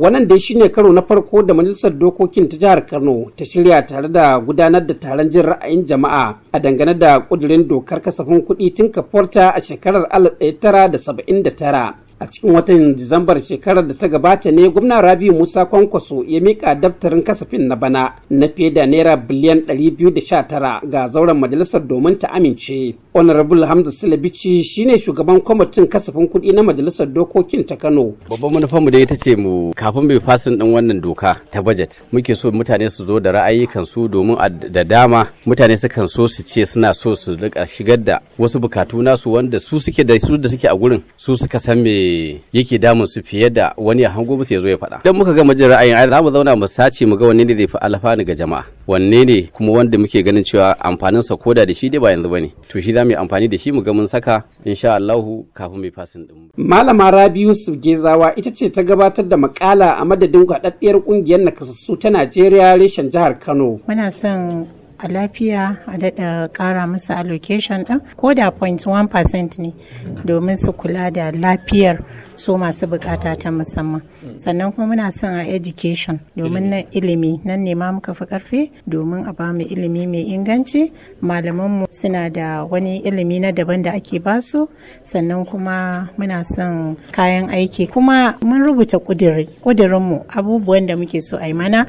wannan dai shine karo na farko da majalisar dokokin ta jihar kano ta shirya tare da gudanar da taron jin ra'ayin jama'a a dangane da kudirin dokar kasafin kuɗi tun kafuwarta a shekarar 1979 a cikin watan disambar shekarar da ta gabata ne gwamna rabiu musa kwankwaso ya mika daftarin kasafin na bana na fiye da naira biliyan 219 ga zauren majalisar domin ta amince honorable hamza silabici shine shugaban kwamitin kasafin kuɗi na majalisar dokokin ta kano babban manufar mu da ita ce mu kafin bai fasin din wannan doka ta budget muke so mutane su zo da ra'ayi su domin da dama mutane sukan so su ce suna so su rika shigar da wasu bukatu nasu wanda su suke da su da suke a gurin su suka san me yake damun su fiye da wani ya hango musu ya zo ya faɗa idan muka gama jin ra'ayin ai za mu zauna mu sace mu ga wanne ne zai fi alfanu ga jama'a wanne ne kuma wanda muke ganin cewa amfanin sa koda da shi dai ba yanzu bane to shi za mu yi amfani da shi mu ga mun saka insha Allah kafin mai fasin din malama Rabi Yusuf Gezawa ita ce ta gabatar da makala a madadin haɗaɗɗiyar ƙungiyar nakasassu ta Najeriya reshen jihar Kano muna son a lafiya a daɗa ƙara musu allocation ɗin ko da 0.1% ne domin su kula da lafiyar so masu bukata ta musamman sannan kuma muna son a education domin na ilimi nan ne ma muka fi karfi domin a bamu ilimi mai inganci malamanmu suna da wani ilimi na daban da ake basu sannan kuma muna son kayan aiki kuma mun rubuta kudirinmu abubuwan da muke so a mana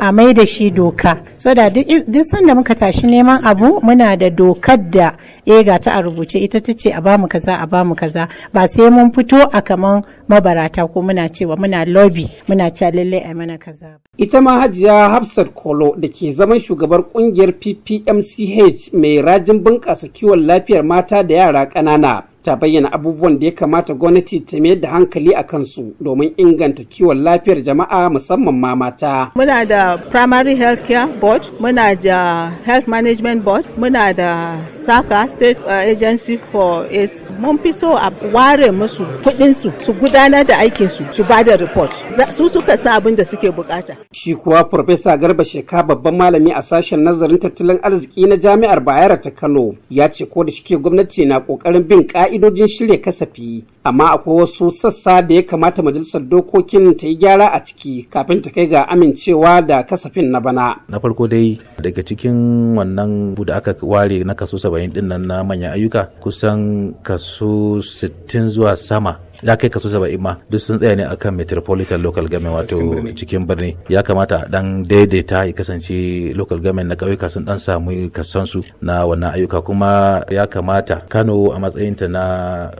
a mai da shi doka so da duk sanda muka tashi neman abu muna da dokar da ega eh, ta a rubuce ita ta ce a bamu kaza a bamu kaza ba sai mun fito a kamar kaman mabarata ko muna cewa muna lobby muna cewa lallai a mana kaza ita ma hajiya hafsat kolo da ke zaman shugabar kungiyar ppmch mai rajin bunƙasa kiwon lafiyar mata da yara ƙanana ta bayyana abubuwan da ya kamata gwamnati ta mayar da hankali a kansu domin inganta kiwon lafiyar jama'a musamman ma mata. Muna da Primary Health Care Board, muna da Health Management Board, muna da saka State uh, Agency for AIDS. Mun fi so a ware musu kuɗin su gudanar da aikinsu su ba da report. Su suka sa abin da suke bukata. Shi kuwa Farfesa Garba Sheka babban malami a sashen nazarin tattalin arziki na Jami'ar Bayero ta Kano ya ce ko da shike gwamnati na kokarin bin ka'i ka'idojin shirya kasafi amma akwai wasu sassa da ya kamata majalisar dokokin ta yi gyara a ciki kafin ta kai ga amincewa da kasafin na bana na farko dai daga cikin wannan da aka ware na kaso 70 din nan na manyan ayyuka kusan kaso 60 zuwa sama ya kai kaso saba'in ma duk sun tsaya ne akan metropolitan local gamen wato cikin birni ya kamata a dan daidaita ya kasance local gamen na kauyuka sun dan samu kasansu na wannan ayyuka kuma ya kamata kano a matsayinta na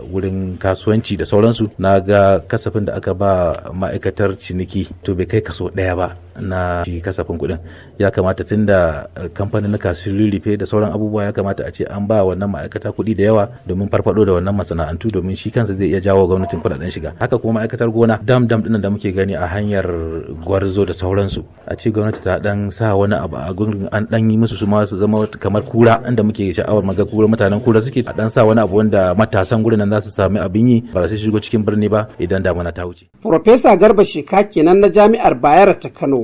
wurin kasuwanci da sauransu na ga kasafin da aka ba ma'aikatar ciniki to bai kai kaso ɗaya ba na shi kasafin kuɗin ya kamata tun da eh, kamfanin sun rurrufe da sauran abubuwa ya kamata a ce an ba wannan ma'aikata kuɗi da yawa domin farfado da wannan masana'antu domin shi kansa zai iya jawo gwamnatin kuɗaɗen shiga haka kuma ma'aikatar gona dam dam ɗin da muke gani a hanyar gwarzo da sauransu a ce gwamnati ta dan sa wani abu a gungun an dan yi musu su ma su zama kamar kura inda muke sha'awar maga kura mutanen kura suke a dan sa wani abu wanda matasan gurin nan za su sami abin yi ba su shigo cikin birni ba idan damuna ta wuce. Farfesa Garba Sheka kenan na Jami'ar Bayero ta Kano